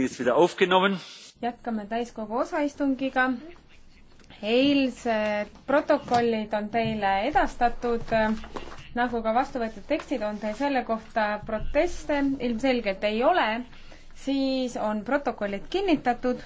jätkame täiskogu osaistungiga. eilsed protokollid on teile edastatud, nagu ka vastuvõetud tekstid on teil selle kohta proteste ilmselgelt ei ole, siis on protokollid kinnitatud